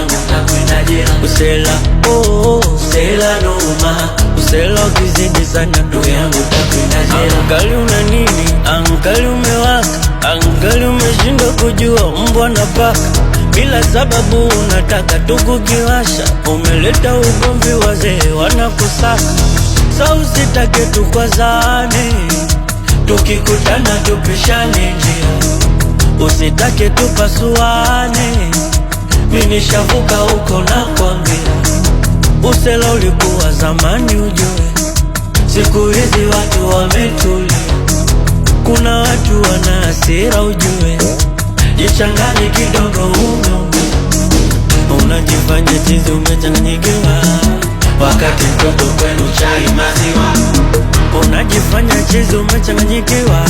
yangu nakwendaje usela oh, usela noma usela ukizidi sana ndugu yangu nakwendaje angali una nini angali umewaka angali umeshindwa kujua mbwa na paka bila sababu unataka tukukiwasha umeleta ugomvi wazee wanakusaka sa usitake tukwazane tukikutana tupishane njia usitake tupasuane Ninishavuka huko na kwambia, usela ulikuwa zamani, ujue siku hizi watu wametulia, kuna watu wana hasira, ujue jichangani kidogo, umeumia unajifanya chizi, umechanganyikiwa wakati mtoto kwenu chai maziwa, unajifanya chizi, umechanganyikiwa